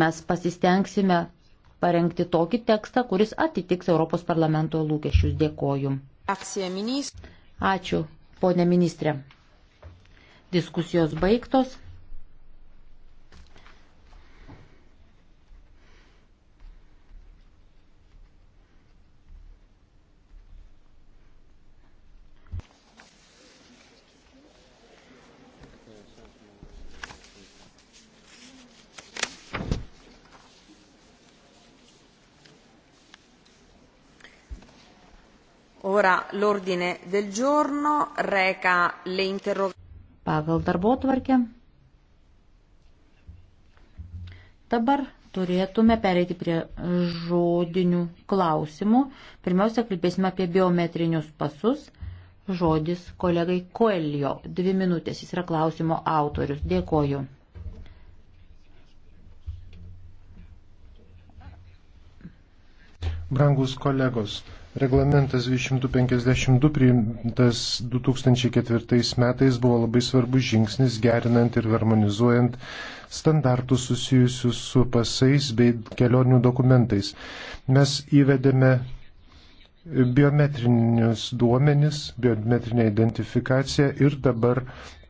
Mes pasistengsime parengti tokį tekstą, kuris atitiks Europos parlamento lūkesčius. Dėkoju. Ačiū, ponė ministrė. Diskusijos baigtos. L'ordine del giorno reca le interrogazioni. Pagal darbo tvarkę. Dabar turėtume pereiti prie žodinių klausimų. Pirmiausia, kalbėsime apie biometrinius pasus. Žodis kolegai Koelio. Dvi minutės. Jis yra klausimo autorius. Dėkoju. Brangus kolegos, Reglamentas 252 priimtas 2004 metais buvo labai svarbus žingsnis gerinant ir harmonizuojant standartus susijusius su pasais bei kelionių dokumentais. Mes įvedėme biometrinius duomenis, biometrinę identifikaciją ir dabar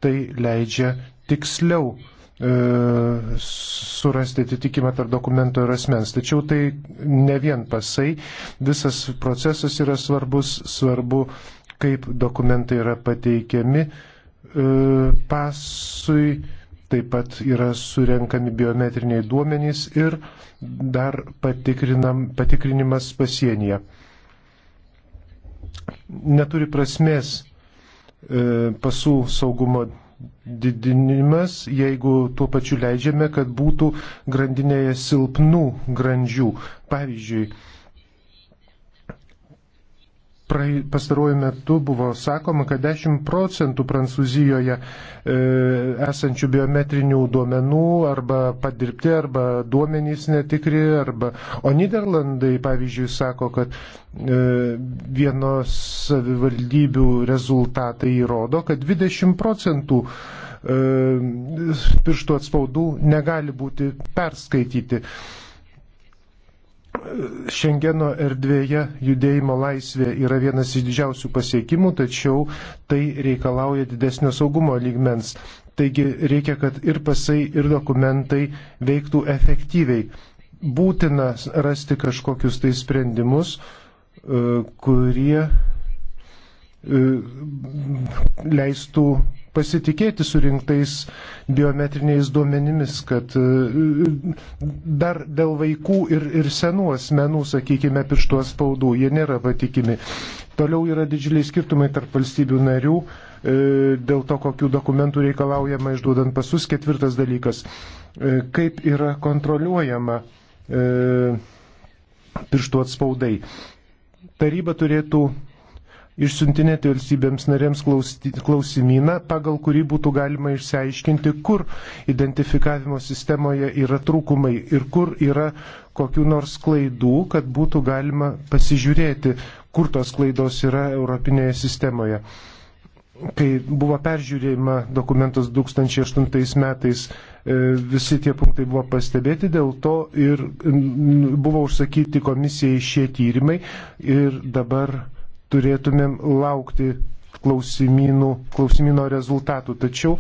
tai leidžia tiksliau E, surasti atitikimą tarp dokumento ir asmens. Tačiau tai ne vien pasai, visas procesas yra svarbus, svarbu, kaip dokumentai yra pateikiami e, pasui, taip pat yra surenkami biometriniai duomenys ir dar patikrinimas pasienyje. Neturi prasmės e, pasų saugumo didinimas, jeigu tuo pačiu leidžiame, kad būtų grandinėje silpnų grandžių. Pavyzdžiui, pastaruoju metu buvo sakoma, kad 10 procentų Prancūzijoje e, esančių biometrinių duomenų arba padirbti, arba duomenys netikri, arba... o Niderlandai, pavyzdžiui, sako, kad e, vienos savivaldybių rezultatai įrodo, kad 20 procentų e, pirštų atspaudų negali būti perskaityti. E, Šengeno erdvėje judėjimo laisvė yra vienas iš didžiausių pasiekimų, tačiau tai reikalauja didesnio saugumo lygmens. Taigi reikia, kad ir pasai, ir dokumentai veiktų efektyviai. Būtina rasti kažkokius tai sprendimus, e, kurie e, leistų pasitikėti surinktais biometriniais duomenimis, kad e, dar dėl vaikų ir, ir senų asmenų, sakykime, pirštų spaudų, jie nėra patikimi. Toliau yra didžiuliai skirtumai tarp valstybių narių, e, dėl to, kokių dokumentų reikalaujama išduodant pasus. Ketvirtas dalykas, e, kaip yra kontroliuojama pirštų atspaudai. Taryba turėtų išsiuntinėti valstybėms narėms klausimyną, pagal kurį būtų galima išsiaiškinti, kur identifikavimo sistemoje yra trūkumai ir kur yra kokiu nors klaidų, kad būtų galima pasižiūrėti, kur tos klaidos yra Europinėje sistemoje. Kai buvo peržiūrėjama dokumentas 2008 metais, e, visi tie punktai buvo pastebėti, dėl to ir buvo užsakyti komisijai šie tyrimai ir dabar turėtumėm laukti klausimino rezultatų. Tačiau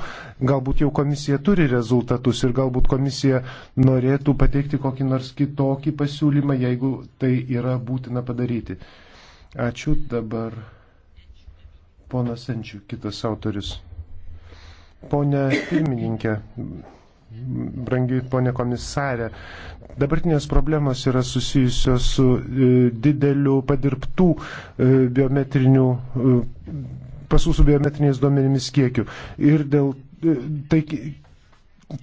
galbūt jau komisija turi rezultatus ir galbūt komisija norėtų pateikti kokį nors kitokį pasiūlymą, jeigu tai yra būtina padaryti. Ačiū dabar. Ponas Senčių, kitas autoris. Pone pirmininkė, brangi ponė komisarė, Dabartinės problemos yra susijusios su e, dideliu padirbtų e, biometrinių e, pasų su biometriniais duomenimis kiekiu. Ir dėl, tai,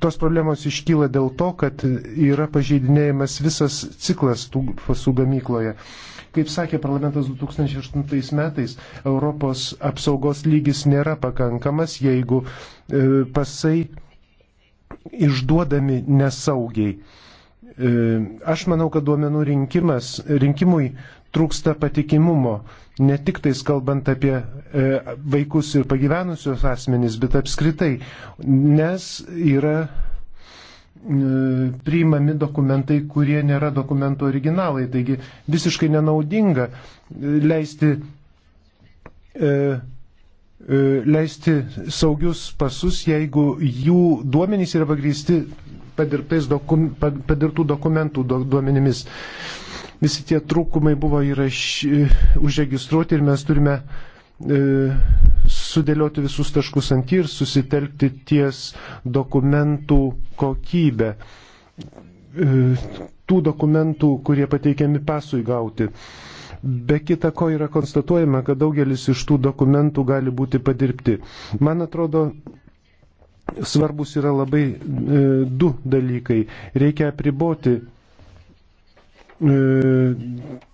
tos problemos iškyla dėl to, kad yra pažeidinėjimas visas ciklas tų pasų gamykloje. Kaip sakė parlamentas 2008 metais, Europos apsaugos lygis nėra pakankamas, jeigu pasai išduodami nesaugiai. E, aš manau, kad duomenų rinkimas, rinkimui trūksta patikimumo, ne tik tais kalbant apie e, vaikus ir pagyvenusius asmenys, bet apskritai, nes yra e, priimami dokumentai, kurie nėra dokumento originalai. Taigi visiškai nenaudinga leisti, leisti saugius pasus, jeigu jų duomenys yra pagrįsti dokum, padirbtų dokumentų duomenimis. Visi tie trūkumai buvo įraš, užregistruoti ir mes turime e, sudėlioti visus taškus ant ir susitelkti ties dokumentų kokybę. E, tų dokumentų, kurie pateikiami pasui gauti. Be kita ko yra konstatuojama, kad daugelis iš tų dokumentų gali būti padirbti. Man atrodo, svarbus yra labai e, du dalykai. Reikia apriboti e,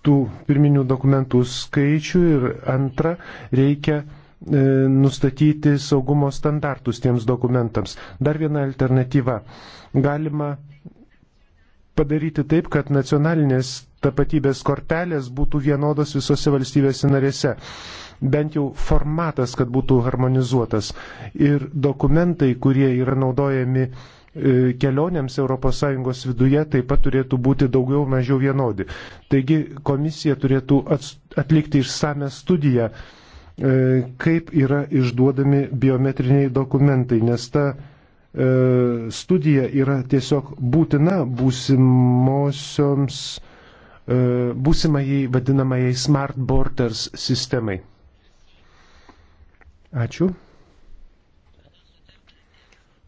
tų pirminių dokumentų skaičių ir antra, reikia e, nustatyti saugumo standartus tiems dokumentams. Dar viena alternatyva. Galima padaryti taip, kad nacionalinės tapatybės kortelės būtų vienodos visose valstybėse narėse. Bent jau formatas, kad būtų harmonizuotas. Ir dokumentai, kurie yra naudojami e, kelionėms ES viduje taip pat turėtų būti daugiau mažiau vienodi. Taigi komisija turėtų atlikti išsame studiją, e, kaip yra išduodami biometriniai dokumentai, nes ta E, studija yra tiesiog būtina būsimosioms, e, būsimai vadinamai smart borders sistemai. Ačiū.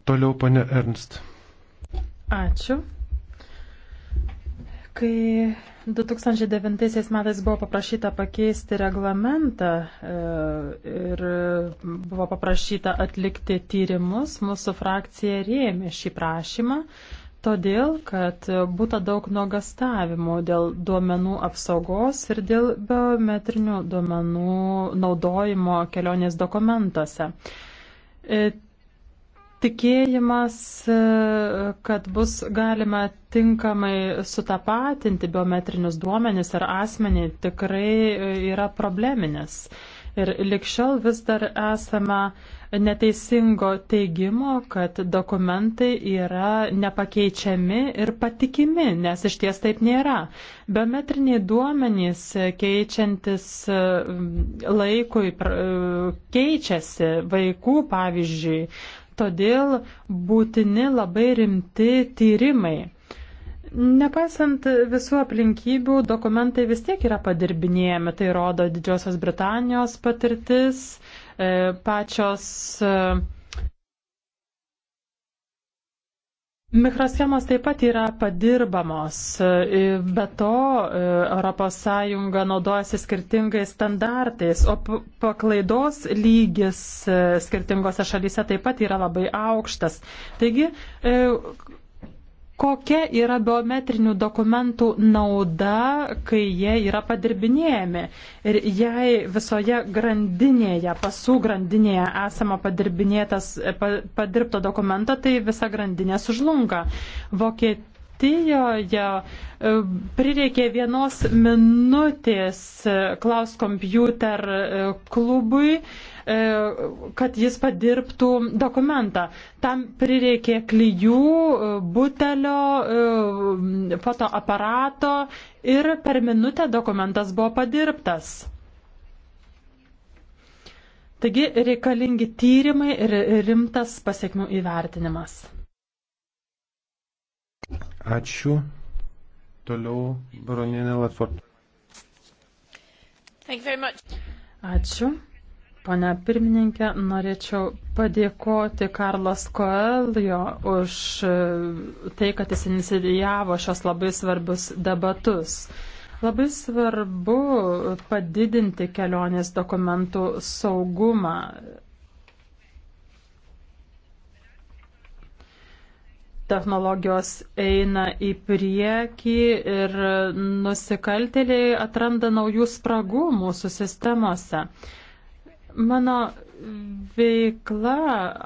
Toliau, pane Ernst. Ačiū. Kai 2009 metais buvo paprašyta pakeisti reglamentą e, ir buvo paprašyta atlikti tyrimus. Mūsų frakcija rėmė šį prašymą, todėl kad būta daug nuogastavimų dėl duomenų apsaugos ir dėl biometrinių duomenų naudojimo kelionės dokumentuose. E, Tikėjimas, e, kad bus galima tinkamai sutapatinti biometrinius duomenis ir asmenį, tikrai e, yra probleminis. Ir likščiau vis dar esame neteisingo teigimo, kad dokumentai yra nepakeičiami ir patikimi, nes iš ties taip nėra. Biometriniai duomenys keičiantis e, laikui keičiasi vaikų, pavyzdžiui, Todėl būtini labai rimti tyrimai. Nepaisant visų aplinkybių, dokumentai vis tiek yra padirbinėjami. Tai rodo Didžiosios Britanijos patirtis, e, pačios e, Mikroschemos taip pat yra padirbamos, e, be to ES naudojasi skirtingais standartais, o paklaidos lygis e, skirtingose šalyse taip pat yra labai aukštas. Taigi e, kokia yra biometrinių dokumentų nauda, kai jie yra padirbinėjami. Ir jei visoje grandinėje, pasų grandinėje esama padirbinėtas, padirbto dokumento, tai visa grandinė sužlunga. Vokietija Vokietijoje e, prireikė vienos minutės e, Klaus Computer e, klubui E, kad jis padirbtų dokumentą. Tam prireikė klyjų, e, butelio, e, fotoaparato ir per minutę dokumentas buvo padirbtas. Taigi reikalingi tyrimai ir rimtas pasiekmių įvertinimas. Ačiū. Toliau baroninė Latford. Ačiū. Pane pirmininkė, norėčiau padėkoti Karlas Koelio už e, tai, kad jis inicijavo šios labai svarbius debatus. Labai svarbu padidinti kelionės dokumentų saugumą technologijos eina į priekį ir nusikaltėliai atranda naujų spragų mūsų sistemose. Mano veikla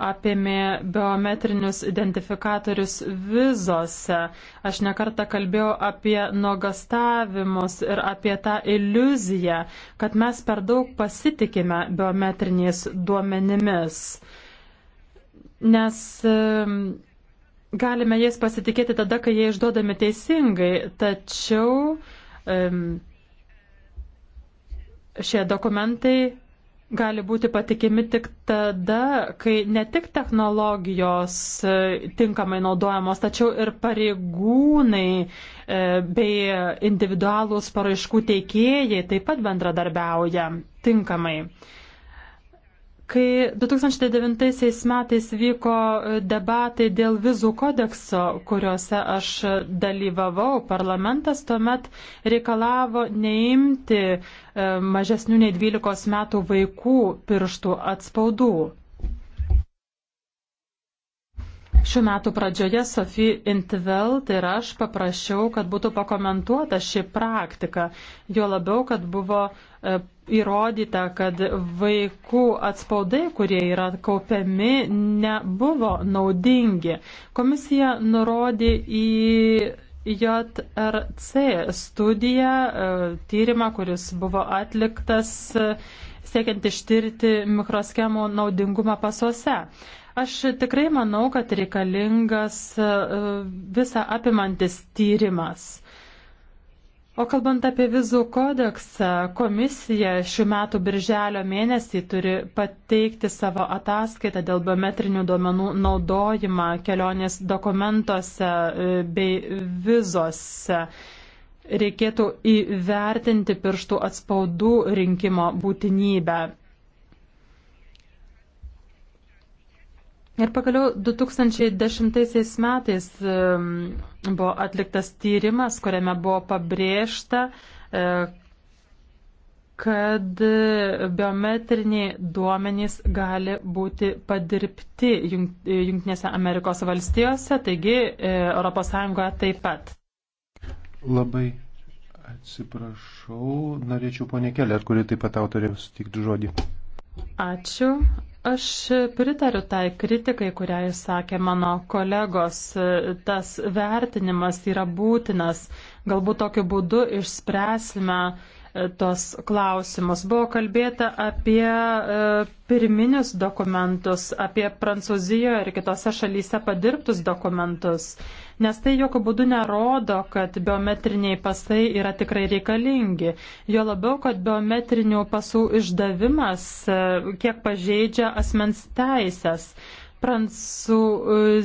apėmė biometrinius identifikatorius vizose. Aš nekartą kalbėjau apie nuogastavimus ir apie tą iliuziją, kad mes per daug pasitikime biometriniais duomenimis. Nes galime jais pasitikėti tada, kai jie išduodami teisingai, tačiau um, šie dokumentai gali būti patikimi tik tada, kai ne tik technologijos e, tinkamai naudojamos, tačiau ir pareigūnai e, bei individualūs paraiškų teikėjai taip pat bendradarbiauja tinkamai. Kai 2009 metais vyko e, debatai dėl vizų kodekso, kuriuose aš dalyvavau, parlamentas tuomet reikalavo neimti e, mažesnių nei 12 metų vaikų pirštų atspaudų. Šių metų pradžioje Sofie Intveld ir aš paprašiau, kad būtų pakomentuota ši praktika, jo labiau, kad buvo e, įrodyta, kad vaikų atspaudai, kurie yra kaupiami, nebuvo naudingi. Komisija nurodė į JRC studiją, e, tyrimą, kuris buvo atliktas e, siekiant ištirti mikroschemų naudingumą pasuose. Aš tikrai manau, kad reikalingas e, visą apimantis tyrimas. O kalbant apie vizų kodeksą, komisija šių metų birželio mėnesį turi pateikti savo ataskaitą dėl biometrinių duomenų naudojimą kelionės dokumentuose e, bei vizose. Reikėtų įvertinti pirštų atspaudų rinkimo būtinybę. Ir pagaliau 2010 metais buvo atliktas tyrimas, kuriame buvo pabrėžta, e, kad biometriniai duomenys gali būti padirbti Junktinėse Amerikos valstijose, taigi ES taip pat. Labai atsiprašau, norėčiau ponė Keller, kuri taip pat autorė sutikti žodį. Ačiū. Aš pritariu tai kritikai, kurią išsakė mano kolegos. Tas vertinimas yra būtinas. Galbūt tokiu būdu išspręsime uh, tos klausimus. Buvo kalbėta apie e, pirminius dokumentus, apie Prancūzijoje ir kitose šalyse padirbtus dokumentus, nes tai jokio būdu nerodo, kad biometriniai pasai yra tikrai reikalingi. Jo labiau, kad biometrinių pasų išdavimas e, kiek pažeidžia asmens teisės. Prancūzijoje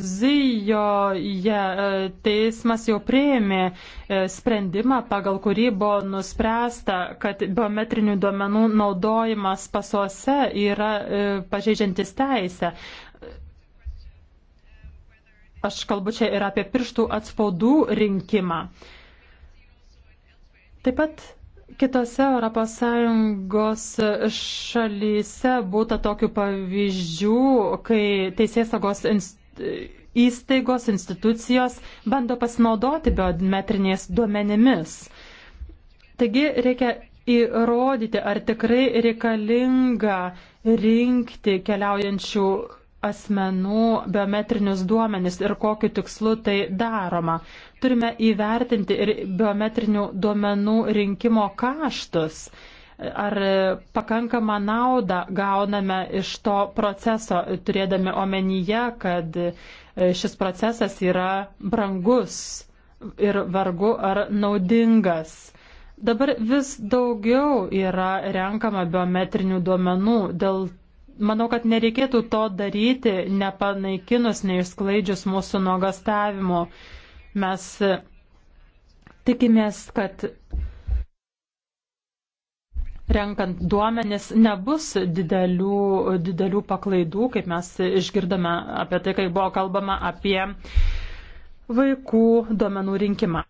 e, teismas jau prieimė e, sprendimą, pagal kurį buvo nuspręsta, kad biometrinių duomenų naudojimas pasuose yra e, pažeidžiantis teisę. Aš kalbu čia ir apie pirštų atspaudų rinkimą. Taip pat kitose ES šalyse būta tokių pavyzdžių, kai teisėsagos inst įstaigos, institucijos bando pasinaudoti biometriniais duomenimis. Taigi reikia įrodyti, ar tikrai reikalinga rinkti keliaujančių asmenų biometrinius duomenis ir kokiu tikslu tai daroma. Turime įvertinti ir biometrinių duomenų rinkimo kaštus. Ar pakankamą naudą gauname iš to proceso, turėdami omenyje, kad šis procesas yra brangus ir vargu ar naudingas. Dabar vis daugiau yra renkama biometrinių duomenų, dėl Manau, kad nereikėtų to daryti, nepanaikinus, neišsklaidžius mūsų nuogastavimo. Mes e, tikimės, kad renkant duomenis nebus didelių, didelių paklaidų, kaip mes išgirdome apie tai, kai buvo kalbama apie vaikų duomenų rinkimą.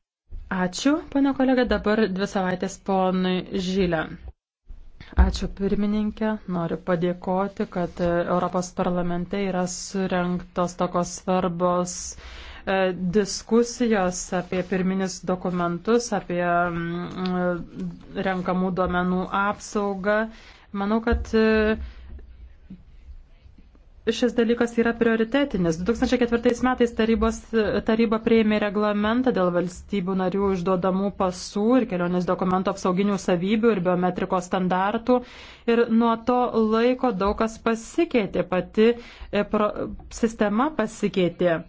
Ačiū, pane kolega, dabar dvi savaitės ponui Žylė. Ačiū pirmininkė. Noriu padėkoti, kad e, Europos parlamente yra surinktos tokios svarbos e, diskusijos apie pirminius dokumentus, apie mm, e, renkamų duomenų apsaugą. Manau, kad šis dalykas yra prioritetinis. 2004 metais tarybos, taryba prieimė reglamentą dėl valstybių narių išduodamų pasų ir kelionės dokumentų apsauginių savybių ir biometrikos standartų. Ir nuo to laiko daug kas pasikeitė, pati e, pro, sistema pasikeitė.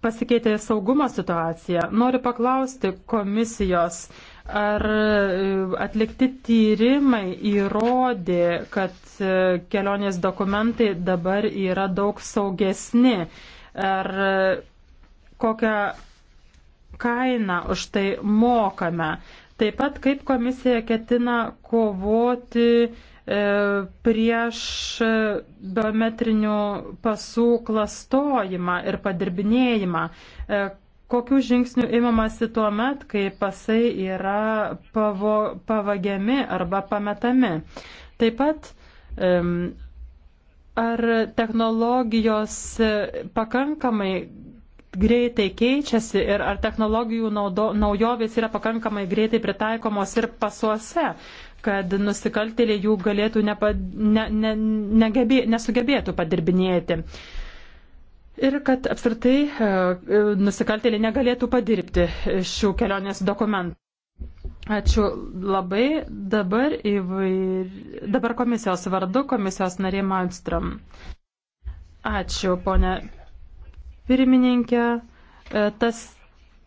Pasikeitė saugumo situacija. Noriu paklausti komisijos, Ar e, atlikti tyrimai įrodė, kad e, kelionės dokumentai dabar yra daug saugesni? Ar e, kokią kainą už tai mokame? Taip pat kaip komisija ketina kovoti prieš biometrinių pasų klastojimą ir padirbinėjimą, Kokių žingsnių imamasi tuo met, kai pasai yra pavo, pavagiami arba pametami? Taip pat, ar technologijos pakankamai greitai keičiasi ir ar technologijų naudo, naujovės yra pakankamai greitai pritaikomos ir pasuose, kad nusikaltėliai jų galėtų nepa, ne, ne, negebė, nesugebėtų padirbinėti? Ir kad apskritai e, nusikaltėliai negalėtų padirbti šių kelionės dokumentų. Ačiū labai. Dabar, įvair... Dabar komisijos vardu, komisijos narė Malmström. Ačiū, ponė pirmininkė. E, tas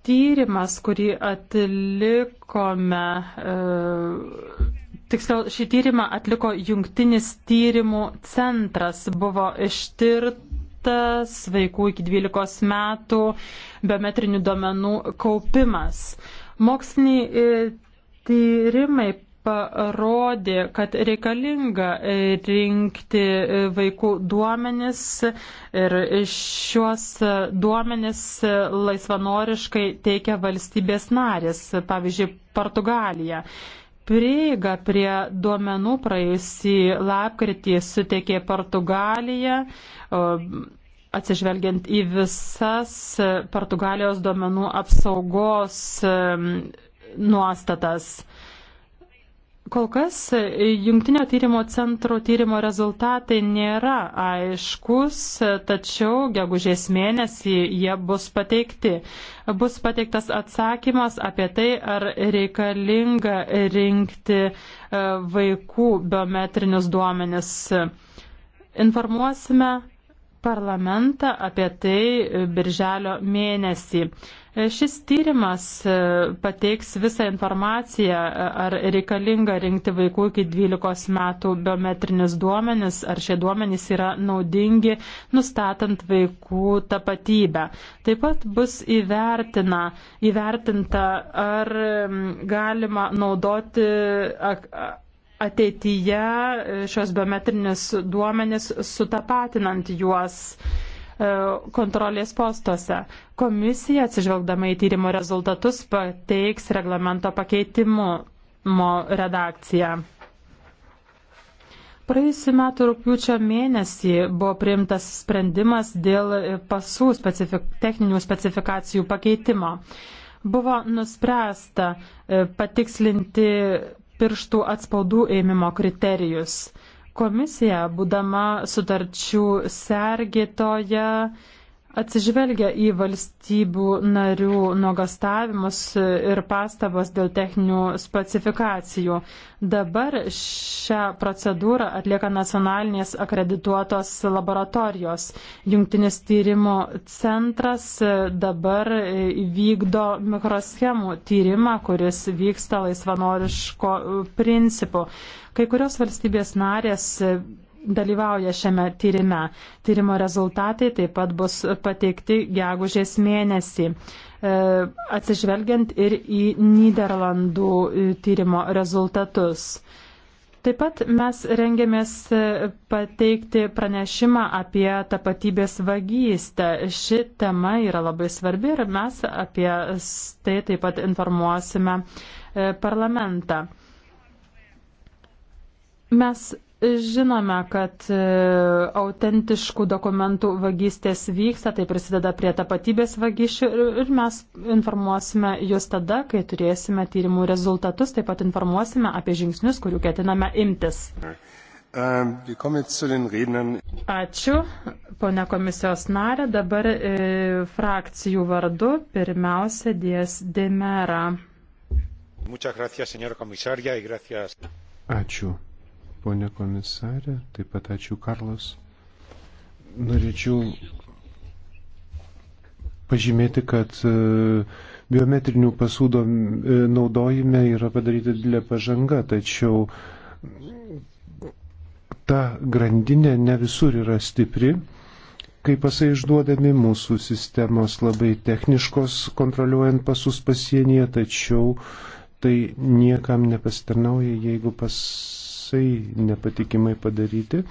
tyrimas, kurį atlikome. E, tiksliau, šį tyrimą atliko jungtinis tyrimų centras. Buvo ištirta intelektas, vaikų iki 12 metų, biometrinių duomenų kaupimas. Moksliniai e, tyrimai parodė, kad reikalinga e, rinkti e, vaikų duomenis ir šiuos duomenis laisvanoriškai teikia valstybės narės, pavyzdžiui, Portugalija. Prieiga prie duomenų praėjusį lapkritį sutekė Portugalija, atsižvelgiant į visas Portugalijos duomenų apsaugos nuostatas. Kol kas e, jungtinio tyrimo centro tyrimo rezultatai nėra aiškus, e, tačiau gegužės mėnesį jie bus pateikti. Bus pateiktas atsakymas apie tai, ar reikalinga rinkti e, vaikų biometrinius duomenis. Informuosime parlamentą apie tai birželio mėnesį. Šis tyrimas e, pateiks visą informaciją, e, ar reikalinga rinkti vaikų iki 12 metų biometrinis duomenis, ar šie duomenys yra naudingi, nustatant vaikų tapatybę. Taip pat bus įvertina, įvertinta, ar galima naudoti ateityje e, šios biometrinis duomenis sutapatinant juos e, kontrolės postuose. Komisija, atsižvelgdama į tyrimo rezultatus, pateiks reglamento pakeitimo redakciją. Praėjusiu metu rūpiučio mėnesį buvo priimtas sprendimas dėl pasų specifik, techninių specifikacijų pakeitimo. Buvo nuspręsta e, patikslinti pirštų atspaudų ėmimo kriterijus. Komisija, būdama sutarčių sergėtoja, Atsižvelgia į valstybių narių nuogastavimus ir pastabas dėl techninių specifikacijų. Dabar šią procedūrą atlieka nacionalinės akredituotos laboratorijos. Jungtinis tyrimo centras dabar vykdo mikroschemų tyrimą, kuris vyksta laisvanoriško principu. Kai kurios valstybės narės dalyvauja šiame tyrime. Tyrimo rezultatai taip pat bus pateikti gegužės mėnesį, e, atsižvelgiant ir į Niderlandų e, tyrimo rezultatus. Taip pat mes rengiamės e, pateikti pranešimą apie tapatybės vagystę. Ši tema yra labai svarbi ir mes apie tai taip pat informuosime parlamentą. Mes Žinome, kad e, autentiškų dokumentų vagystės vyksta, tai prisideda prie tapatybės vagysčių ir mes informuosime jūs tada, kai turėsime tyrimų rezultatus, taip pat informuosime apie žingsnius, kurių ketiname imtis. Ähm, Ačiū, ponia komisijos narė. Dabar e, frakcijų vardu pirmiausia dės Demera. Ačiū ponė komisarė, taip pat ačiū Karlos. Norėčiau pažymėti, kad e, biometrinių pasų e, naudojime yra padaryta didelė pažanga, tačiau ta grandinė ne visur yra stipri. Kai pasai išduodami, mūsų sistemos labai techniškos kontroliuojant pasus pasienyje, tačiau tai niekam nepasitarnauja, jeigu pas procesai nepatikimai padaryti.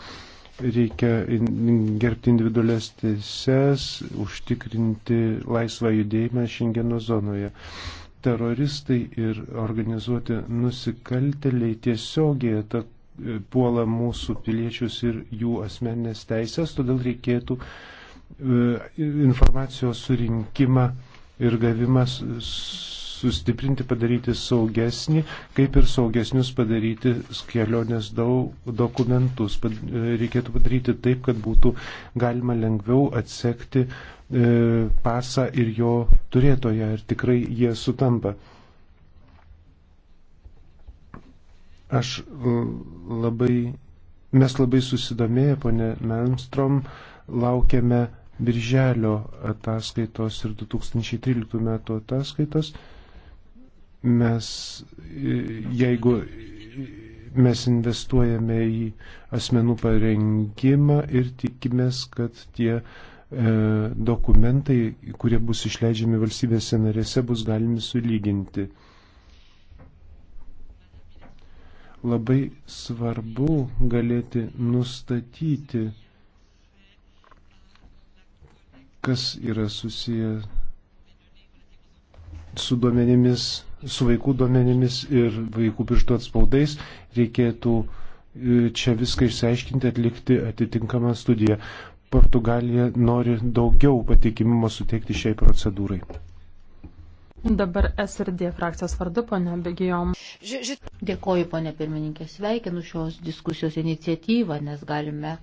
Reikia gerbti individualias teises, užtikrinti laisvą judėjimą Šengeno zonoje. Teroristai ir organizuoti nusikalteliai tiesiogiai atakuoja e, puola mūsų piliečius ir jų asmeninės teisės, todėl reikėtų e, informacijos surinkimą ir gavimas sustiprinti, padaryti saugesnį, kaip ir saugesnius padaryti kelionės dokumentus. Reikėtų padaryti taip, kad būtų galima lengviau atsekti e, pasą ir jo turėtoją, ar tikrai jie sutampa. Aš labai, mes labai susidomėję, ponė Menstrom, laukiame Birželio ataskaitos ir 2013 metų ataskaitos mes, jeigu mes investuojame į asmenų parengimą ir tikimės, kad tie e, dokumentai, kurie bus išleidžiami valstybėse narėse, bus galimi sulyginti. Labai svarbu galėti nustatyti, kas yra susiję su duomenimis su vaikų duomenimis ir vaikų pirštų atspaudais reikėtų e, čia viską išsiaiškinti, atlikti atitinkamą studiją. Portugalija nori daugiau patikimimo suteikti šiai procedūrai. Dabar SRD frakcijos vardu, ponia Begijom. Dėkoju, ponia pirmininkė, sveikinu šios diskusijos iniciatyvą, nes galime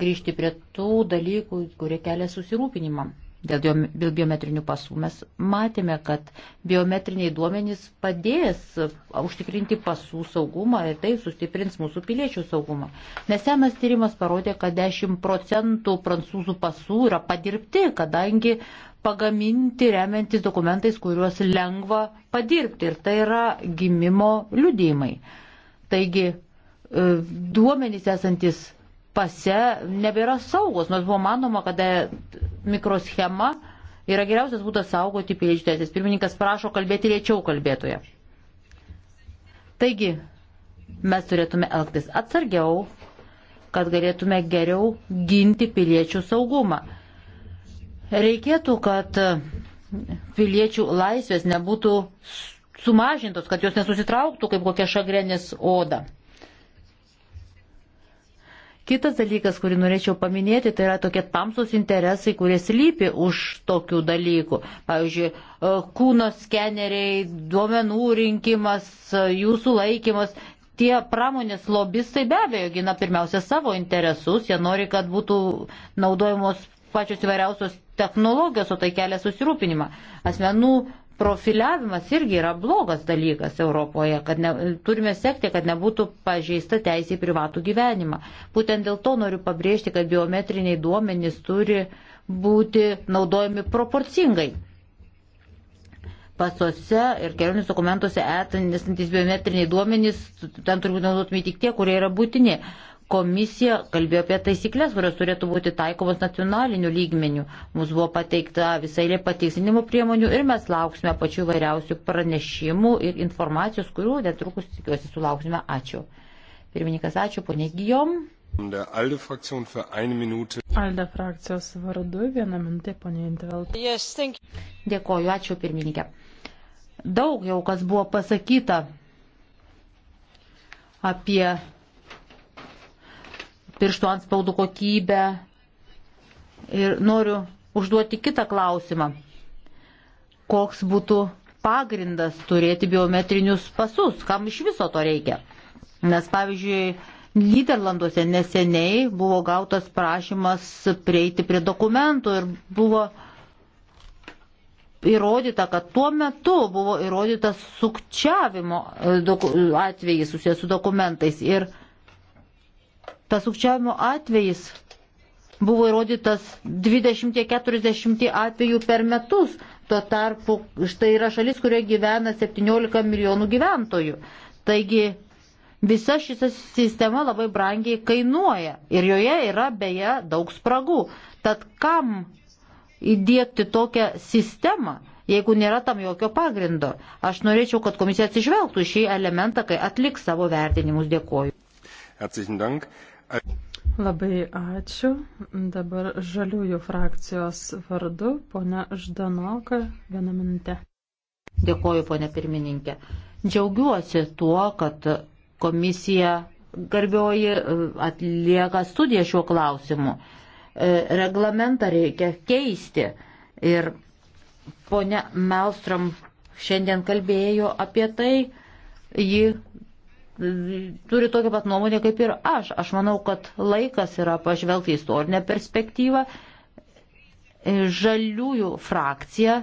grįžti prie tų dalykų, kurie kelia susirūpinimą dėl biometrinių pasų. Mes matėme, kad biometriniai duomenys padės užtikrinti pasų saugumą ir tai sustiprins mūsų piliečių saugumą. Nesenas tyrimas parodė, kad 10 procentų prancūzų pasų yra padirbti, kadangi pagaminti remiantis dokumentais, kuriuos lengva padirbti. Ir tai yra gimimo liudijimai. Taigi e, duomenys esantis pase nebėra saugos, nors buvo manoma, kad mikroschema yra geriausias būdas saugoti piliečių teisės. Pirmininkas prašo kalbėti lėčiau kalbėtoje. Taigi, mes turėtume elgtis atsargiau, kad galėtume geriau ginti piliečių saugumą. Reikėtų, kad piliečių laisvės nebūtų sumažintos, kad jos nesusitrauktų kaip kokia šagrenės oda. Kitas dalykas, kurį norėčiau paminėti, tai yra tokie tamsus interesai, kurie slypi už tokių dalykų. Pavyzdžiui, e, kūno skeneriai, duomenų rinkimas, e, jūsų laikymas. Tie pramonės lobistai be abejo gina pirmiausia savo interesus, jie nori, kad būtų naudojamos pačios įvairiausios technologijos, o tai kelia susirūpinimą. Asmenų profiliavimas irgi yra blogas dalykas Europoje, kad ne, turime sekti, kad nebūtų pažeista teisė į privatų gyvenimą. Būtent dėl to noriu pabrėžti, kad biometriniai duomenys turi būti naudojami proporcingai. Pasuose ir kelionės dokumentuose esantis biometriniai duomenys, ten turbūt naudotumi tik tie, kurie yra būtini. Komisija kalbėjo apie taisyklės, kurios turėtų būti taikomos nacionaliniu lygmeniu. Mums buvo pateikta visai lė patikslinimo priemonių ir mes lauksime pačių vairiausių pranešimų ir informacijos, kurių netrukus tikiuosi sulauksime. Ačiū. Pirmininkas, ačiū, ponė Gijom. Alde frakcijos vardu vieną minutę, ponė Intvelt. Yes, Dėkoju, ačiū pirmininkė. Daug jau kas buvo pasakyta apie pirštų ant spaudų kokybę. Ir noriu užduoti kitą klausimą. Koks būtų pagrindas turėti biometrinius pasus? Kam iš viso to reikia? Nes pavyzdžiui, Niderlanduose neseniai buvo gautas prašymas prieiti prie dokumentų ir buvo įrodyta, kad tuo metu buvo įrodytas sukčiavimo atvejis susijęs su dokumentais. Ir uh, Tas sukčiavimo atvejis buvo įrodytas 20-40 atvejų per metus. Tuo tarpu štai yra šalis, kurioje gyvena 17 milijonų gyventojų. Taigi visa šita sistema labai brangiai kainuoja ir joje yra beje daug spragų. Tad kam įdėkti tokią sistemą, jeigu nėra tam jokio pagrindo? Aš norėčiau, kad komisija atsižvelgtų šį elementą, kai atliks savo vertinimus. Dėkuoju. Herzlichen Dank. Labai ačiū. Dabar žaliųjų frakcijos vardu, ponia Ždanoka, vieną minutę. Dėkoju, ponia pirmininkė. Džiaugiuosi tuo, kad komisija garbioji atlieka studiją šiuo klausimu. E, reglamentą reikia keisti. Ir ponia Melstrom šiandien kalbėjo apie tai, ji turi tokią pat nuomonę kaip ir aš. Aš manau, kad laikas yra pažvelgti istorinę perspektyvą. Žaliųjų frakcija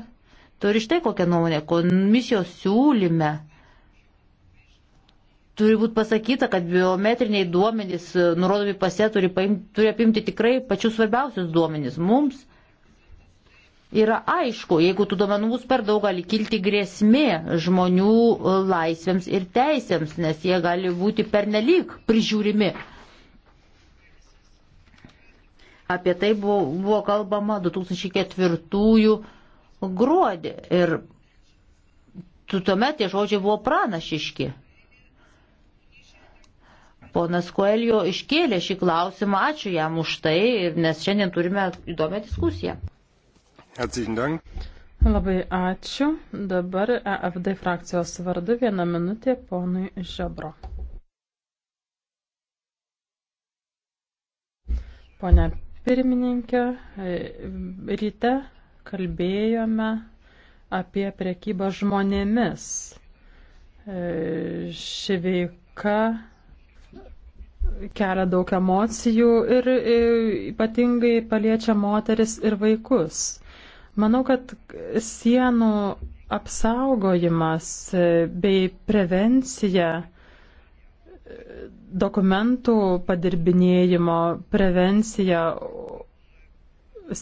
turi štai kokią nuomonę. Komisijos siūlyme turi būti pasakyta, kad biometriniai duomenys nurodomi pase turi, paimti, turi apimti tikrai pačius svarbiausius duomenys mums yra aišku, jeigu tų duomenų bus per daug, gali kilti grėsmė žmonių e, laisvėms ir teisėms, nes jie gali būti pernelyg prižiūrimi. Apie tai buvo, buvo kalbama 2004 gruodį ir tuomet tie žodžiai buvo pranašiški. Ponas Koelio iškėlė šį klausimą, ačiū jam už tai, nes šiandien turime įdomią diskusiją. Herzlichen Dank. Labai ačiū. Dabar AFD e frakcijos vardu vieną minutę ponui Žabro. Pone pirmininkė, e, ryte kalbėjome apie prekybą žmonėmis. E, ši veika kelia daug emocijų ir ypatingai paliečia moteris ir vaikus. Manau, kad sienų apsaugojimas bei prevencija dokumentų padirbinėjimo, prevencija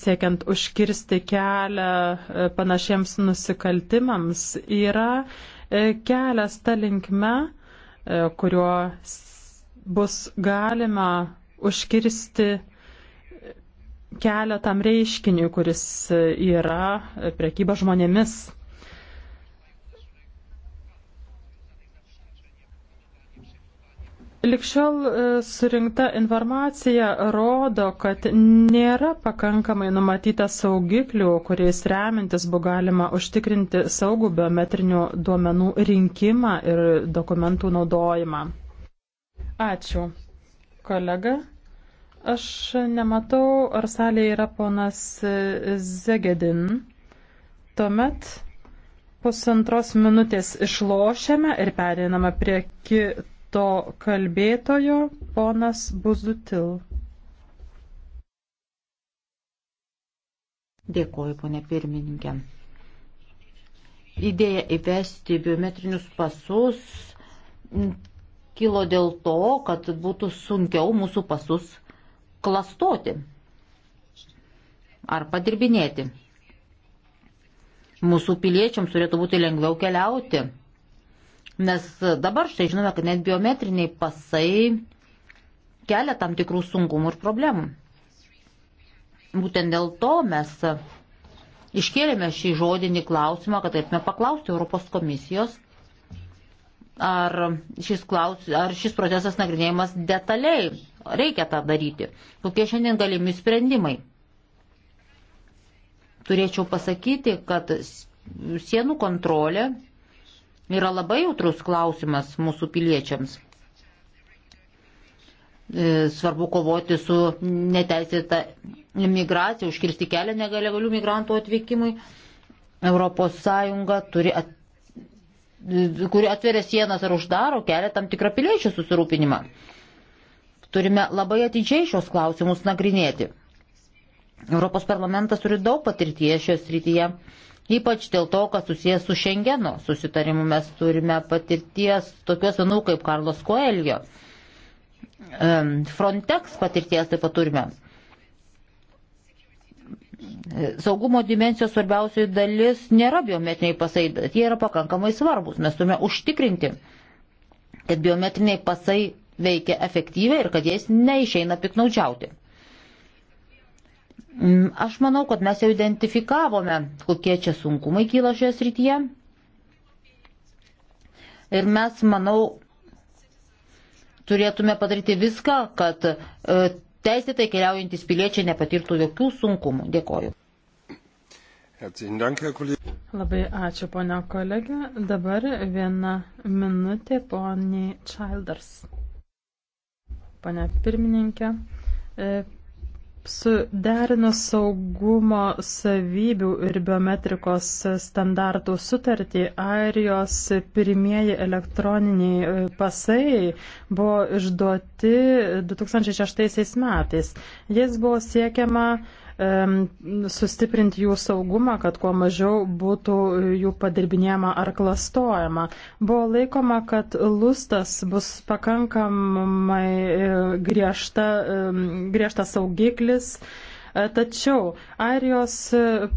siekiant užkirsti kelią e, panašiems nusikaltimams yra e, kelias ta linkme, e, kuriuo bus galima užkirsti kelią tam reiškiniui, kuris yra prekyba žmonėmis. Likščiol e, surinkta informacija rodo, kad nėra pakankamai numatyta saugiklių, kuriais remintis buvo galima užtikrinti saugų biometrinių duomenų rinkimą ir dokumentų naudojimą. Ačiū, kolega. Aš nematau, ar salėje yra ponas Zegedin. Tuomet pusantros minutės išlošiame ir pereiname prie kito kalbėtojo, ponas Buzutil. Dėkuoju, ponė pirmininkė. Idėja įvesti biometrinius pasus kilo dėl to, kad būtų sunkiau mūsų pasus klastoti ar padirbinėti. Mūsų piliečiams turėtų būti lengviau keliauti, nes dabar štai žinome, kad net biometriniai pasai kelia tam tikrų sunkumų ir problemų. Būtent dėl to mes iškėlėme šį žodinį klausimą, kad galėtume paklausti Europos komisijos ar šis, klaus, ar šis procesas nagrinėjimas detaliai. Reikia tą daryti. Kokie šiandien galimi sprendimai? Turėčiau pasakyti, kad sienų kontrolė yra labai jautrus klausimas mūsų piliečiams e, svarbu kovoti su neteisėta imigracija, užkirsti kelią nelegalių migrantų atvykimui. ES turi kuri atveria sienas ar uždaro, kelia tam tikrą piliečių susirūpinimą. Turime labai atidžiai šios klausimus nagrinėti. Europos parlamentas turi daug patirties šios rytyje, ypač dėl to, kas susijęs su Šengeno susitarimu. Mes turime patirties tokios vienų kaip Karlos Koelio. Frontex patirties taip pat turime saugumo dimensijos svarbiausioji dalis nėra biometriniai pasai, jie yra pakankamai svarbus. Mes turime užtikrinti, kad biometriniai pasai veikia efektyviai ir kad jais neišeina piknaudžiauti. Mm, aš manau, kad mes jau identifikavome, kokie čia sunkumai kyla šioje srityje. Ir mes, manau, turėtume padaryti viską, kad e, teisėtai keliaujantis piliečiai nepatirtų jokių sunkumų. Dėkoju. Labai ačiū, ponia kolegė. Dabar viena minutė poniai Childers. Pane pirmininkė, e, Suderinus saugumo savybių ir biometrikos standartų sutartį, Airijos pirmieji elektroniniai e, pasai buvo išduoti 2006 metais. Jis buvo siekiama sustiprinti jų saugumą, kad kuo mažiau būtų jų padirbinėjama ar klastojama. Buvo laikoma, kad lustas bus pakankamai e, griežta, griežtas saugiklis. E, tačiau Airijos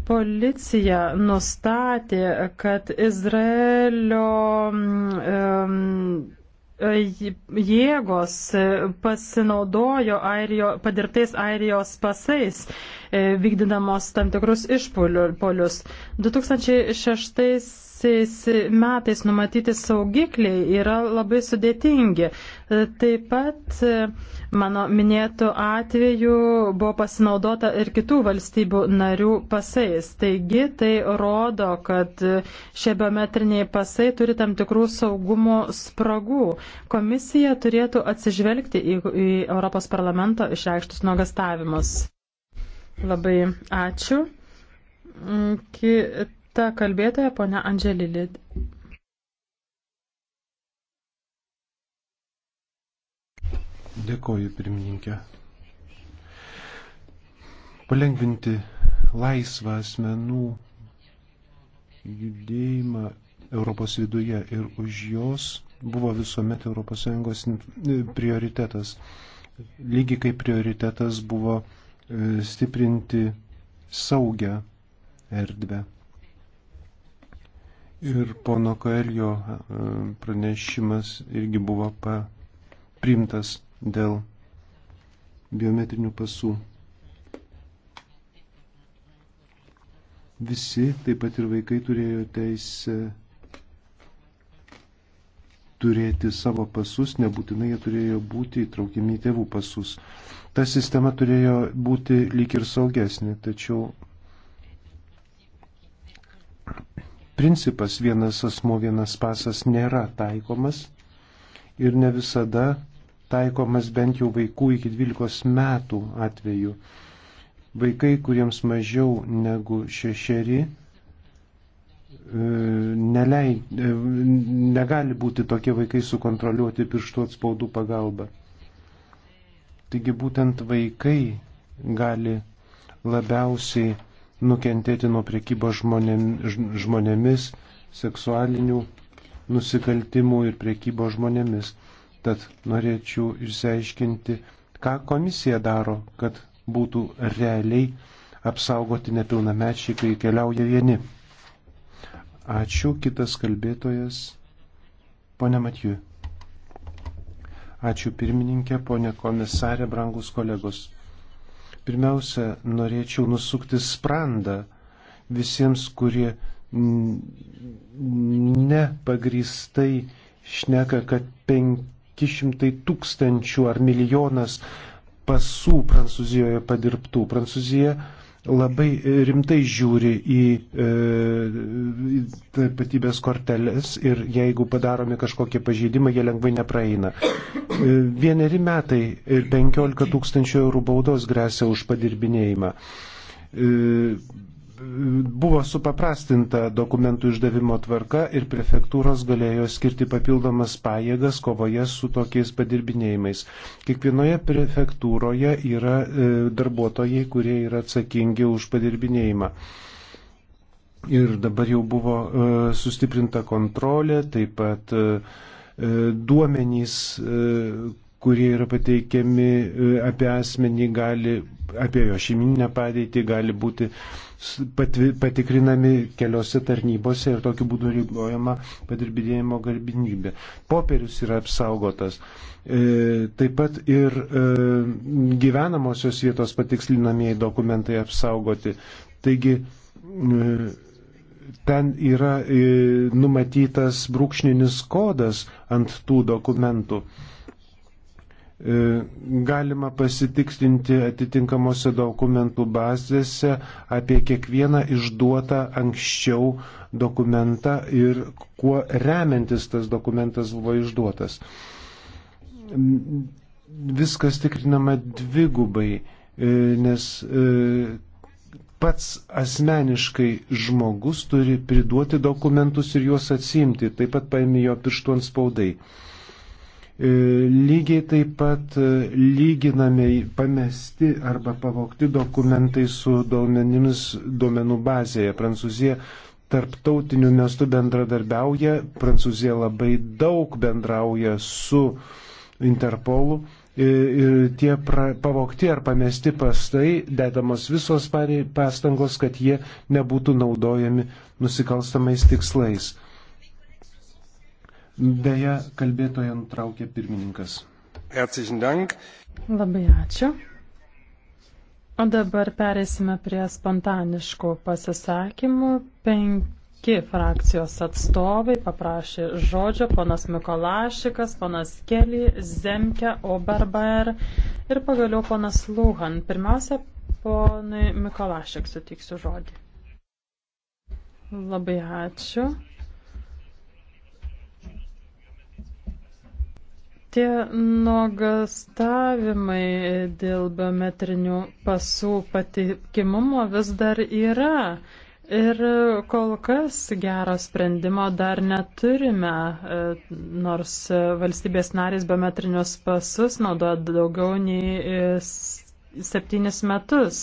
policija nustatė, kad Izraelio um, jėgos pasinaudojo airio, padirbtais Airijos pasais E, vykdydamos tam tikrus išpolius. 2006 metais numatyti saugikliai yra labai sudėtingi. E, taip pat e, mano minėtų atveju buvo pasinaudota ir kitų valstybių narių pasais. Taigi tai rodo, kad šie biometriniai pasai turi tam tikrų saugumo spragų. Komisija turėtų atsižvelgti į, į Europos parlamento išreikštus nuogastavimus. Labai ačiū. Mm, kita kalbėtoja, ponia Andželilė. Dėkoju, pirmininkė. Palengvinti laisvą asmenų judėjimą Europos viduje ir už jos buvo visuomet ES prioritetas. Lygiai kaip prioritetas buvo E, stiprinti saugią erdvę. Ir pono Kaelio e, pranešimas irgi buvo priimtas dėl biometrinių pasų. Visi, taip pat ir vaikai, turėjo teisę turėti savo pasus, nebūtinai jie turėjo būti įtraukiami į tėvų pasus. Ta sistema turėjo būti lyg ir saugesnė, tačiau principas vienas asmo vienas pasas nėra taikomas ir ne visada taikomas bent jau vaikų iki 12 metų atveju. Vaikai, kuriems mažiau negu šešeri, e, nelei, e, negali būti tokie vaikai sukontroliuoti pirštų atspaudų pagalba. Taigi būtent vaikai gali labiausiai nukentėti nuo priekybos žmonėmis, žmonėmis seksualinių nusikaltimų ir priekybos žmonėmis. Tad norėčiau išsiaiškinti, ką komisija daro, kad būtų realiai apsaugoti nepilnamečiai, kai keliauja vieni. Ačiū, kitas kalbėtojas, ponia Matijui. Ačiū pirmininkė, ponė komisarė, brangus kolegos. Pirmiausia, norėčiau nusukti sprandą visiems, kurie nepagristai šneka, kad 500 tūkstančių ar milijonas pasų Prancūzijoje padirbtų. Prancūzija labai rimtai žiūri į e, tai tapatybės korteles ir jeigu padaromi kažkokie pažeidimai, jie lengvai nepraeina. E, vieneri metai ir 15 tūkstančių eurų baudos grėsia už padirbinėjimą. E, buvo supaprastinta dokumentų išdavimo tvarka ir prefektūros galėjo skirti papildomas pajėgas kovoje su tokiais padirbinėjimais. Kiekvienoje prefektūroje yra e, darbuotojai, kurie yra atsakingi už padirbinėjimą. Ir dabar jau buvo e, sustiprinta kontrolė, taip pat e, duomenys, kurie yra pateikiami apie asmenį, gali, apie jo šeiminę padėtį gali būti patikrinami keliose tarnybose ir tokiu būdu ribojama padirbinėjimo galimybė. Popierius yra apsaugotas. E, taip pat ir e, gyvenamosios vietos patikslinamieji dokumentai apsaugoti. Taigi e, ten yra numatytas brūkšninis kodas ant tų dokumentų. E, galima pasitikslinti atitinkamuose dokumentų bazėse apie kiekvieną išduotą anksčiau dokumentą ir kuo remiantis tas dokumentas buvo išduotas. Viskas tikrinama dvi gubai, e, nes e, pats asmeniškai žmogus turi priduoti dokumentus ir juos atsimti, taip pat paėmė jo pirštų ant spaudai. E, lygiai taip pat e, lyginami pamesti arba pavokti dokumentai su duomenimis duomenų bazėje. Prancūzija tarptautiniu mestu bendradarbiauja, Prancūzija labai daug bendrauja su Interpolu e, ir tie pra, pavokti ar pamesti pastai, dedamos visos pastangos, kad jie nebūtų naudojami nusikalstamais tikslais. Beje, kalbėtoje nutraukė pirmininkas. Labai ačiū. O dabar pereisime prie spontaniškų pasisakymų. Penki frakcijos atstovai paprašė žodžio ponas Mikolašikas, ponas Kelly, Zemke, Oberbaer ir pagaliau ponas Lūhan. Pirmiausia, ponui Mikolašik sutiksiu žodį. Labai ačiū. Tie nuogastavimai dėl biometrinių pasų patikimumo vis dar yra. Ir kol kas gero sprendimo dar neturime, e, nors valstybės narės biometrinius pasus naudoja daugiau nei e, septynis metus.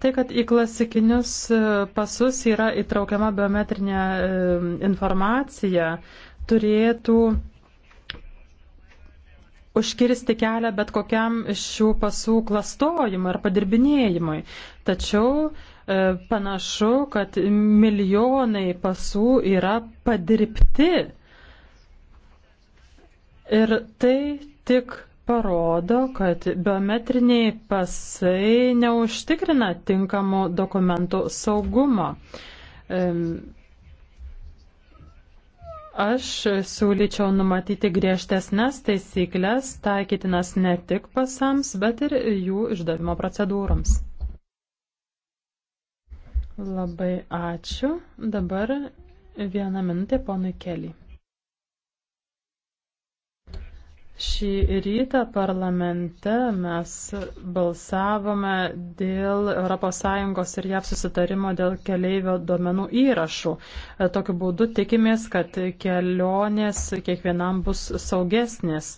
Tai, kad į klasikinius e, pasus yra įtraukiama biometrinė informacija, turėtų užkirsti kelią bet kokiam šių pasų klastojimui ar padirbinėjimui. Tačiau e, panašu, kad milijonai pasų yra padirbti. Ir tai tik parodo, kad biometriniai pasai neužtikrina tinkamų dokumentų saugumo. Aš siūlyčiau numatyti griežtesnės taisyklės, taikytinas ne tik pasams, bet ir jų išdavimo procedūroms. Labai ačiū. Dabar vieną minutę ponui Kelį. Šį rytą parlamente mes balsavome dėl ES ir JAV susitarimo dėl keleivio duomenų įrašų. E, tokiu būdu tikimės, kad kelionės kiekvienam bus saugesnės.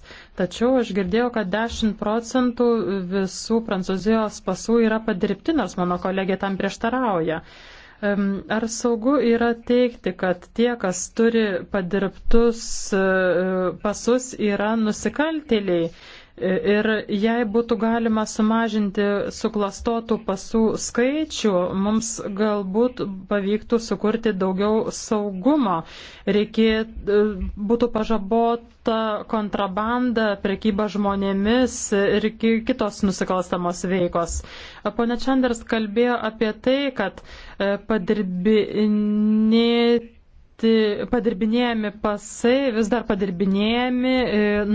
Tačiau aš girdėjau, kad 10 procentų visų Prancūzijos pasų yra padirbti, nors mano kolegė tam prieštarauja. Ar saugu yra teikti, kad tie, kas turi padirbtus e, pasus, yra nusikaltėliai? E, ir jei būtų galima sumažinti suklastotų pasų skaičių, mums galbūt pavyktų sukurti daugiau saugumo. Reikėtų, e, būtų pažabota kontrabanda, prekyba žmonėmis ir kitos nusikalstamos veikos. Pone Čenders kalbėjo apie tai, kad padirbinėti padirbinėjami pasai, vis dar padirbinėjami, e,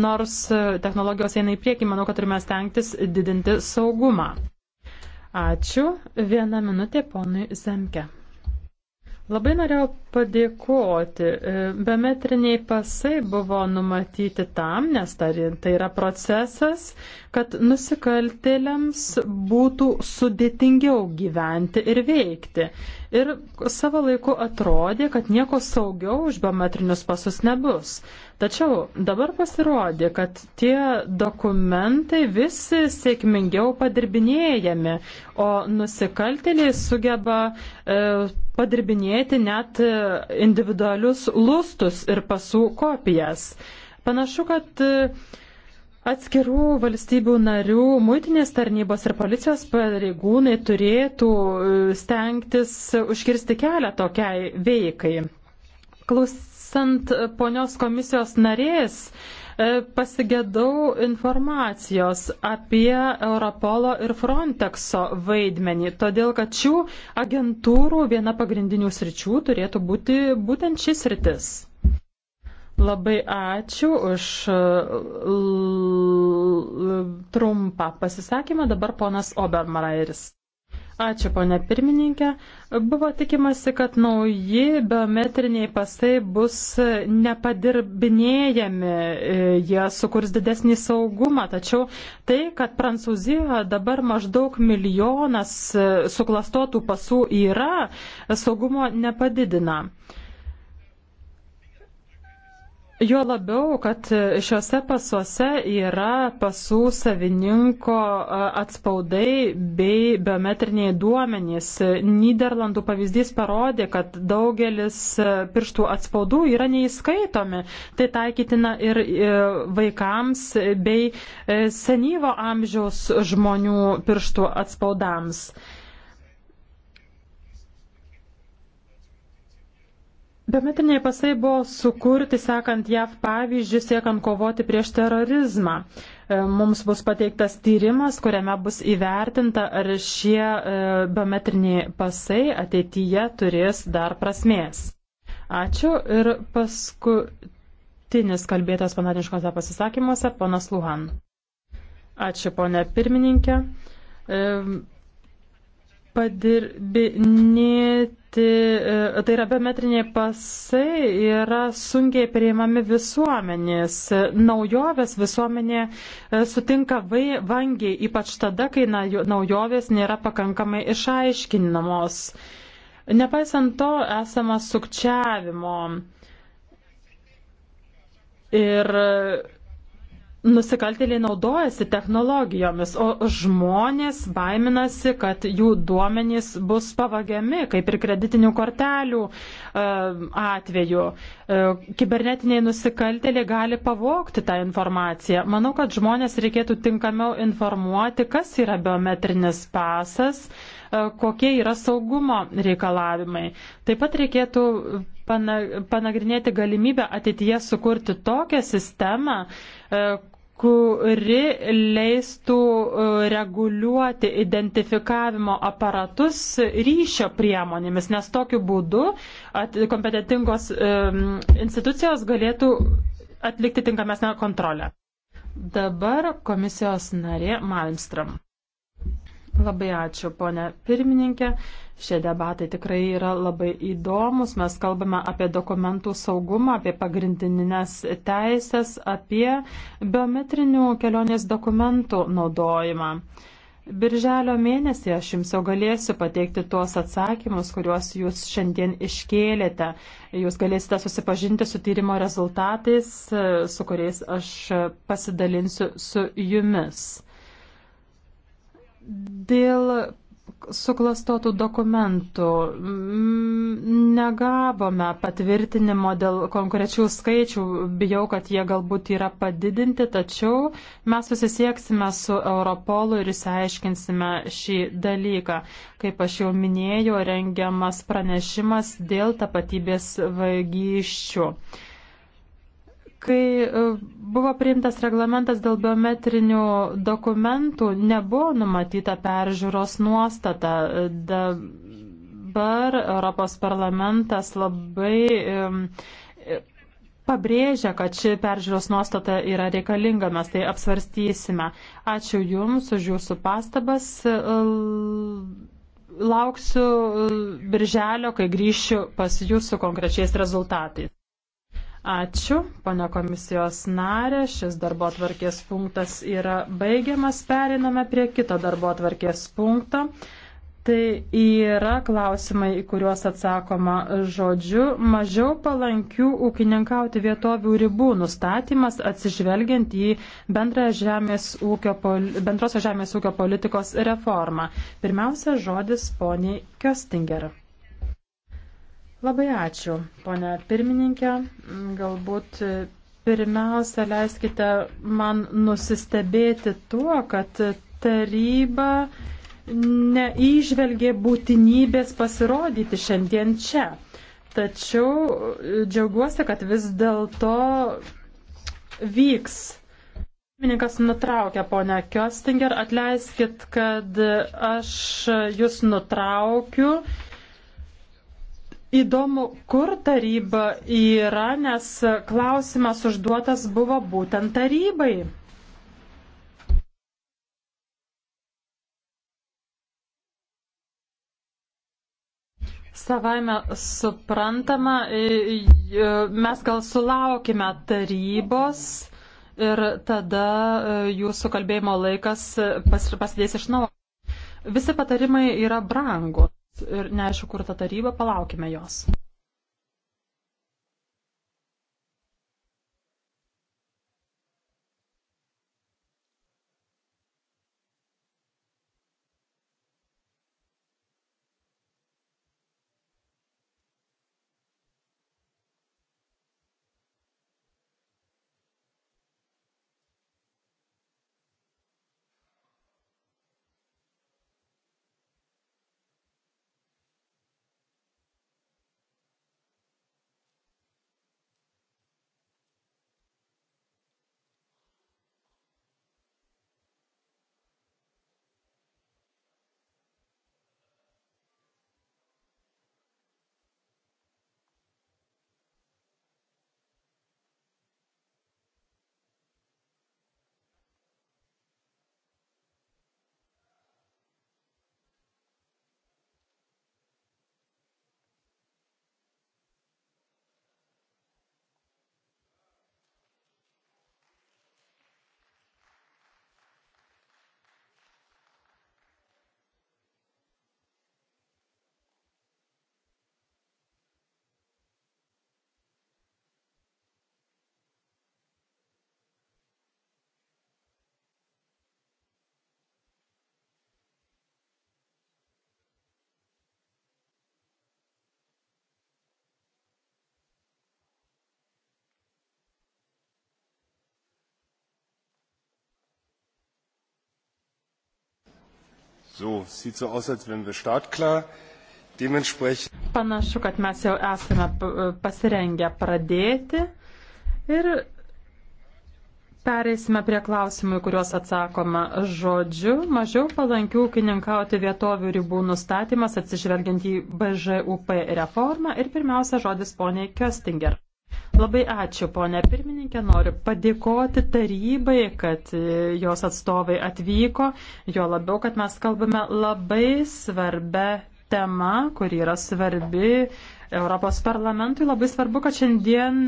nors e, technologijos eina į priekį, manau, kad turime stengtis didinti saugumą. Ačiū. Viena minutė ponui Zemke. Labai norėjau padėkoti. E, biometriniai pasai buvo numatyti tam, nes tai yra procesas, kad nusikaltėliams būtų sudėtingiau gyventi ir veikti. Ir savo laiku atrodė, kad nieko saugiau už biometrinius pasus nebus. Tačiau dabar pasirodė, kad tie dokumentai visi sėkmingiau padirbinėjami, o nusikaltėliai sugeba e, padirbinėti net e, individualius lustus ir pasų kopijas. Panašu, kad e, Atskirų valstybių narių muitinės tarnybos ir policijos pareigūnai turėtų e, stengtis užkirsti kelią tokiai veikai. Klaus, Neklausant ponios komisijos narės, e, pasigėdau informacijos apie Europolo ir Frontexo vaidmenį, todėl kad šių agentūrų viena pagrindinių sričių turėtų būti būtent šis rytis. Labai ačiū už e, trumpą pasisakymą. Dabar ponas Obermarairis. Ačiū, ponė pirmininkė. Buvo tikimasi, kad nauji biometriniai pasai bus nepadirbinėjami, e, jie sukurs didesnį saugumą, tačiau tai, kad Prancūzijoje dabar maždaug milijonas e, suklastotų pasų yra, saugumo nepadidina. Jo labiau, kad šiuose pasuose yra pasų savininko e, atspaudai bei biometriniai duomenys. Niderlandų pavyzdys parodė, kad daugelis e, pirštų atspaudų yra neįskaitomi. Tai taikytina ir e, vaikams bei senyvo amžiaus žmonių pirštų atspaudams. Biometriniai pasai buvo sukurti, sekant JAV pavyzdžių, siekant kovoti prieš terorizmą. E, mums bus pateiktas tyrimas, kuriame bus įvertinta, ar šie e, biometriniai pasai ateityje turės dar prasmės. Ačiū ir paskutinis kalbėtas fanatiškose pasisakymuose, ponas Luhan. Ačiū, ponė pirmininkė. E, padirbinėti, e, tai yra biometriniai pasai, yra sunkiai priimami visuomenės. Naujovės visuomenė e, sutinka vangiai, ypač tada, kai naujovės nėra pakankamai išaiškinamos. Nepaisant to, esama sukčiavimo. Ir Nusikaltėliai naudojasi technologijomis, o žmonės baiminasi, kad jų duomenys bus pavagiami, kaip ir kreditinių kortelių e, atveju. E, kibernetiniai nusikaltėliai gali pavokti tą informaciją. Manau, kad žmonės reikėtų tinkamiau informuoti, kas yra biometrinis pasas, e, kokie yra saugumo reikalavimai. Taip pat reikėtų panagrinėti galimybę ateityje sukurti tokią sistemą, e, kuri leistų e, reguliuoti identifikavimo aparatus ryšio priemonėmis, nes tokiu būdu kompetitingos e, institucijos galėtų atlikti tinkamesnę kontrolę. Dabar komisijos narė Malmström. Labai ačiū, ponė pirmininkė. Šie debatai tikrai yra labai įdomus. Mes kalbame apie dokumentų saugumą, apie pagrindinės teisės, apie biometrinių kelionės dokumentų naudojimą. Birželio mėnesį aš jums jau galėsiu pateikti tuos atsakymus, kuriuos jūs šiandien iškėlėte. Jūs galėsite susipažinti su tyrimo rezultatais, su kuriais aš pasidalinsiu su jumis. Dėl suklastotų dokumentų negavome patvirtinimo dėl konkrečių skaičių, bijau, kad jie galbūt yra padidinti, tačiau mes susisieksime su Europolu ir įsiaiškinsime šį dalyką. Kaip aš jau minėjau, rengiamas pranešimas dėl tapatybės vagysčių kai e, buvo priimtas reglamentas dėl biometrinių dokumentų, nebuvo numatyta peržiūros nuostata. E, dabar Europos parlamentas labai e, pabrėžia, kad ši peržiūros nuostata yra reikalinga, mes tai apsvarstysime. Ačiū Jums už Jūsų pastabas. Lauksiu birželio, kai grįšiu pas Jūsų konkrečiais rezultatais. Ačiū, pane komisijos narė. Šis darbo atvarkės punktas yra baigiamas. Periname prie kito darbo atvarkės punkto. Tai yra klausimai, į kuriuos atsakoma žodžiu. Mažiau palankių ūkininkauti vietovių ribų nustatymas atsižvelgiant į žemės ūkio, bendrosios žemės ūkio politikos reformą. Pirmiausia, žodis poniai Köstinger. Labai ačiū, ponia pirmininkė. Galbūt e, pirmiausia, leiskite man nusistebėti tuo, kad taryba neįžvelgė būtinybės pasirodyti šiandien čia. Tačiau e, džiaugiuosi, kad vis dėlto vyks Pirmininkas nutraukė ponę Kjostinger, atleiskit, kad aš jūs nutraukiu. Įdomu, kur taryba yra, nes klausimas užduotas buvo būtent tarybai. Savaime suprantama, mes gal sulaukime tarybos ir tada e, jūsų kalbėjimo laikas pasidės iš naujo. Visi patarimai yra brangu ir neaišku, kur ta taryba, palaukime jos. So, sieht so aus, als wären wir startklar. Dementsprechend. Panašu, kad mes jau esame e, pasirengę pradėti ir pereisime prie klausimų, kuriuos atsakoma žodžiu. Mažiau palankių ūkininkauti vietovių ribų nustatymas atsižvelgiant į BŽUP reformą ir pirmiausia žodis poniai Köstinger. Labai ačiū, ponė pirmininkė. Noriu padėkoti tarybai, kad e, jos atstovai atvyko. Jo labiau, kad mes kalbame labai svarbę temą, kuri yra svarbi Europos parlamentui. Labai svarbu, kad šiandien